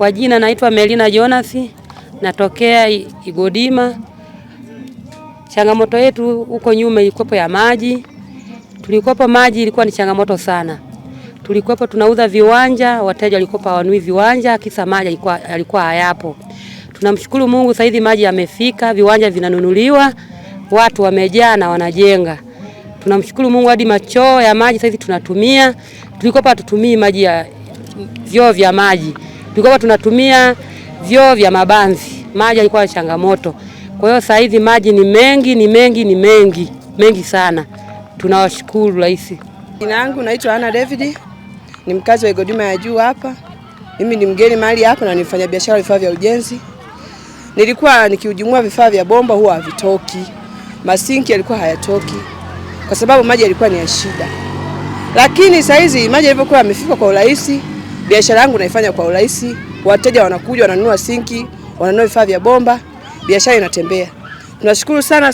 Kwa jina naitwa Melina Jonathi, natokea Igodima. Changamoto yetu huko nyuma ilikuwepo ya maji, tulikuwepo maji ilikuwa ni changamoto sana, tulikuwepo tunauza viwanja, wateja walikuwa hawanui viwanja, kisa maji alikuwa alikuwa hayapo. Tunamshukuru Mungu, sasa hivi maji yamefika, viwanja vinanunuliwa, watu wamejaa na wanajenga. Tunamshukuru Mungu, hadi machoo ya maji sasa hivi tunatumia, tulikuwa hatutumii maji ya vyoo vya maji tulikuwa tunatumia vyoo vya mabanzi, maji yalikuwa changamoto. Kwa hiyo sasa hivi maji ni mengi, ni mengi, ni mengi mengi sana. Tunawashukuru rais. Jina langu naitwa Ana David, ni mkazi wa Igodima ya juu hapa. Mimi ni mgeni mahali hapa na nifanya biashara vifaa vya ujenzi. Nilikuwa nikiujumua vifaa vya bomba huwa havitoki, masinki yalikuwa hayatoki kwa sababu maji yalikuwa ni ya shida, lakini saizi maji yalivyokuwa yamefika kwa urahisi Biashara yangu naifanya kwa urahisi, wateja wanakuja wananunua sinki, wananunua vifaa vya bomba, biashara inatembea. Tunashukuru sana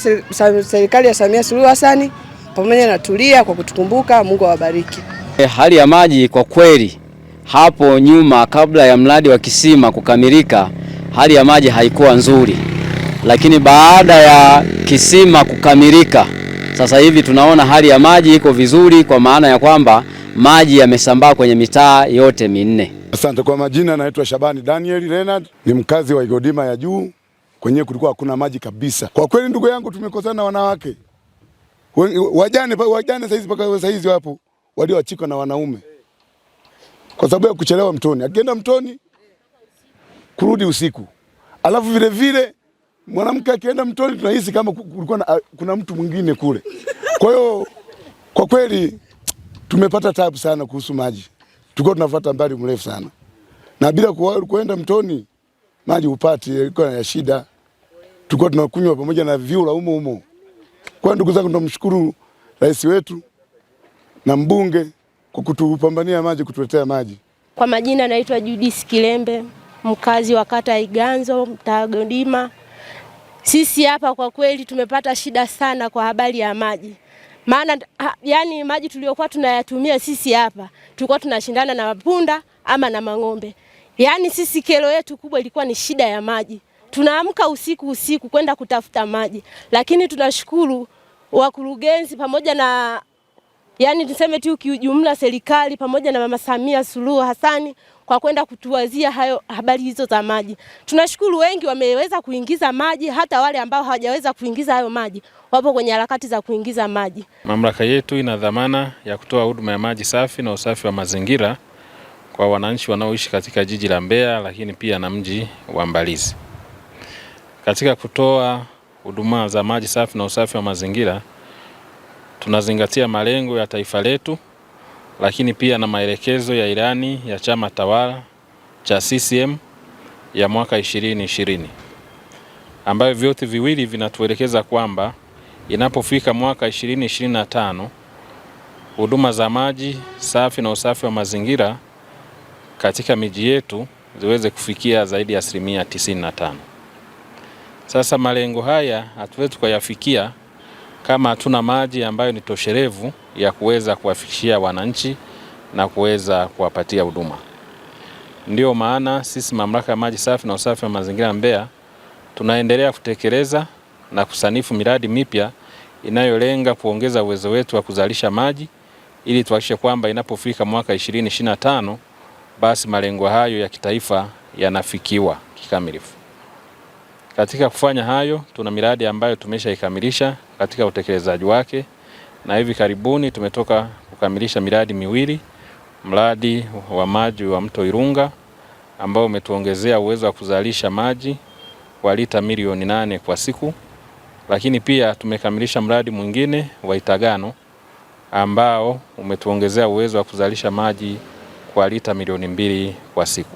serikali ya Samia Suluhu Hassan pamoja na Tulia kwa kutukumbuka. Mungu awabariki. Eh, hali ya maji kwa kweli hapo nyuma kabla ya mradi wa kisima kukamilika, hali ya maji haikuwa nzuri, lakini baada ya kisima kukamilika, sasa hivi tunaona hali ya maji iko vizuri, kwa maana ya kwamba maji yamesambaa kwenye mitaa yote minne. Asante kwa majina, naitwa Shabani Daniel Leonard, ni mkazi wa Igodima ya juu. Kwenye kulikuwa hakuna maji kabisa. Kwa kweli, ndugu yangu, tumekosana wanawake wajane, wajane saizi mpaka saizi wapo walioachikwa na wanaume kwa sababu ya kuchelewa mtoni, akienda mtoni kurudi usiku, alafu vile vile mwanamke akienda mtoni tunahisi kama kulikuwa kuna mtu mwingine kule. Kwa hiyo kwa kweli tumepata tabu sana kuhusu maji, tulikuwa tunafuata mbali mrefu sana, na bila kuenda mtoni maji upati ilikuwa ya shida, tulikuwa tunakunywa pamoja na vyura humo humo. Kwa ndugu zangu, tunamshukuru rais wetu na mbunge kwa kutupambania maji, kutuletea maji. Kwa majina naitwa Judith Kilembe, mkazi wa kata ya Iganzo, mtaa Godima. Sisi hapa kwa kweli tumepata shida sana kwa habari ya maji maana yani maji tuliyokuwa tunayatumia sisi hapa tulikuwa tunashindana na mapunda ama na mang'ombe. Yani sisi kero yetu kubwa ilikuwa ni shida ya maji. Tunaamka usiku usiku kwenda kutafuta maji, lakini tunashukuru wakurugenzi pamoja na Yaani tuseme tu kiujumla, serikali pamoja na Mama Samia Suluhu hasani kwa kwenda kutuwazia hayo habari hizo za maji. Tunashukuru wengi wameweza kuingiza maji, hata wale ambao hawajaweza kuingiza hayo maji wapo kwenye harakati za kuingiza maji. Mamlaka yetu ina dhamana ya kutoa huduma ya maji safi na usafi wa mazingira kwa wananchi wanaoishi katika jiji la Mbeya, lakini pia na mji wa Mbalizi. Katika kutoa huduma za maji safi na usafi wa mazingira tunazingatia malengo ya taifa letu, lakini pia na maelekezo ya ilani ya chama tawala cha CCM ya mwaka 2020 ambayo vyote viwili vinatuelekeza kwamba inapofika mwaka 2025 huduma za maji safi na usafi wa mazingira katika miji yetu ziweze kufikia zaidi ya asilimia 95. Sasa malengo haya hatuwezi tukayafikia kama hatuna maji ambayo ni tosherevu ya kuweza kuwafikishia wananchi na kuweza kuwapatia huduma. Ndiyo maana sisi Mamlaka ya Maji Safi na Usafi wa Mazingira Mbeya tunaendelea kutekeleza na kusanifu miradi mipya inayolenga kuongeza uwezo wetu wa kuzalisha maji ili tuhakikishe kwamba inapofika mwaka 2025 basi malengo hayo ya kitaifa yanafikiwa kikamilifu. Katika kufanya hayo, tuna miradi ambayo tumeshaikamilisha katika utekelezaji wake na hivi karibuni tumetoka kukamilisha miradi miwili, mradi wa maji wa mto Irunga ambao umetuongezea uwezo wa kuzalisha maji kwa lita milioni nane kwa siku, lakini pia tumekamilisha mradi mwingine wa Itagano ambao umetuongezea uwezo wa kuzalisha maji kwa lita milioni mbili kwa siku.